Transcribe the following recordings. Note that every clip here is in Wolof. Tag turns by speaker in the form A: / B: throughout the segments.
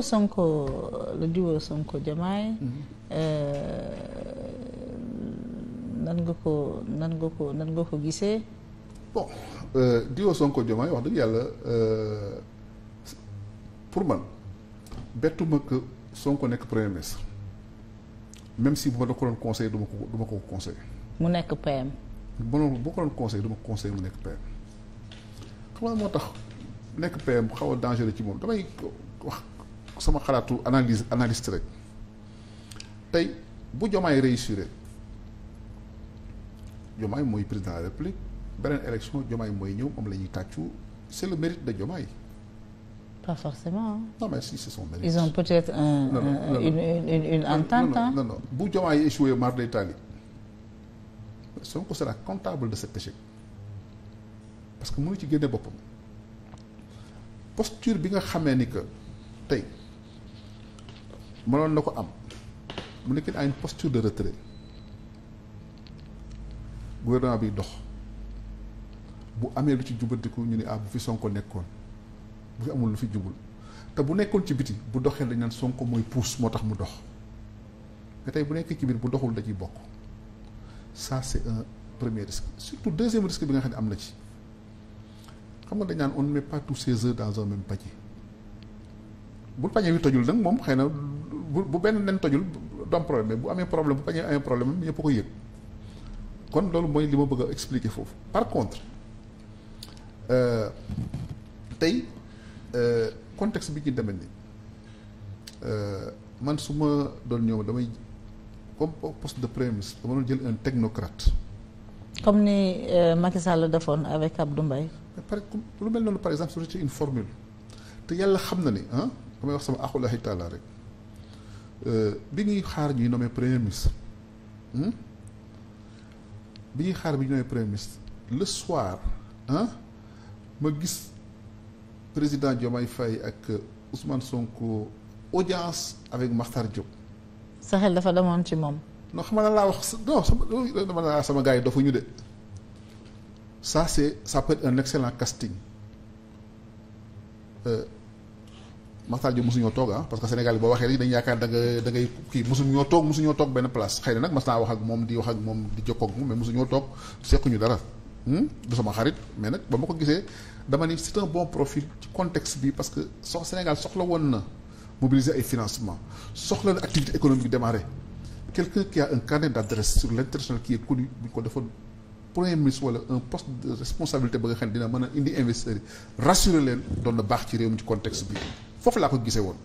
A: pour Sonko le duo Sonko Diomaye euh, nan nga ko nan nga ko nan nga ko gisee bon euh, Sonko Diomaye wax dëgg yàlla euh, pour man bettuma que Sonko nekk premier ministre même si bu ma da ko doon conseil du ko du ko conseil mu nekk PM bu ma ko doon conseil du ma ko conseil mu nekk PM xam moo tax nekk PM xaw a dangereux ci moom damay wax sama xalaatu analyse analyste rek tey bu Diomaye réussir Diomaye mooy président de beneen élection Diomaye mooy ñëw moom la ñuy tàccu c'est le mérite de Diomaye. pas forcément. non mais si c'est son mérite. ils ont peut-être un, non, non, un non, une, une une une entente. bu Diomaye échoué mar day taali Sonko comptable de cet échec parce que mënu ci génne boppam posture bi nga xamee ni que. mënoon la ko am mu nekk à une posture de retrait gouvernement bi dox bu amee lu ci jubantiku ñu ne ah fi Sonko nekkoon bu fi amul lu fi jubul te bu nekkoon ci biti bu doxee dañ naan Sonko mooy pousse moo tax mu dox nga tey bu nekkee ci biir bu doxul da ciy bokk ça c'est un premier risque surtout deuxième risque bi nga xam ne am na ci xam nga dañ naan on ne met pas tous ses œufs dans un même panier bu panier bi tojul nag moom xëy na. bu bu benn nen tojul du am problème bu amee problème bu bañee amee problème ko yëg kon loolu mooy li ma bëgg a expliquer foofu par contre euh, tey euh, contexte bi ñu demee nii euh, man su ma doon ñëw damay comme poste de premier ministre dama doon jël un technocrate. comme ni Macky Sall defoon avec Abdou Mbaye. pare lu mel noonu par exemple su une formule te yàlla xam na ni ah damay wax sama axulahi taala rek. Euh, bi ñuy xaar ñuy nommé premier ministre hmm? bi ñuy xaar bi ñuy nommé premier ministre le soir ma gis président Diomaye Faye ak Ousmane Sonko audience avec Makhtar Diop. sa xel dafa demoon ci moom. non xam nga laa wax non sama dama laa sama ñu de ça c'est ça peut un excellent casting. Euh, Makhtar Diop mosuñoo toog ah parce que Sénégal boo waxee rek dañu yaakaar da nga da ngay kii mosuñoo toog mosuñoo toog benn place xëy na nag moom di wax ak moom dara hmm? du sama xarit mais nag ba ma ko gisee dama ni c'est un bon profil ci contexte bi parce que sox Sénégal soxla woon na mobiliser ay financement soxla na activité économique démarrer quelqu'un qui a un carnet d'adresse sur l'international qui est connu ñu ko defoon premier ministre wala un poste de responsabilité ba nga xam ne dina mën a indi investisseurs yi leen doon na baax ci réew mi ci contexte bi foofu laa ko gisee woon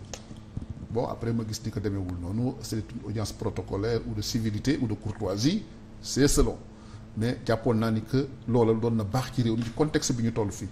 A: bon après ma gis ni ko demeewul noonu c'est une audience protocolaire ou de civilité ou de courtoisie c'est selon mais jàppoon naa ni que loolal doon na baax ci réew mi ci contexte bi ñu toll fii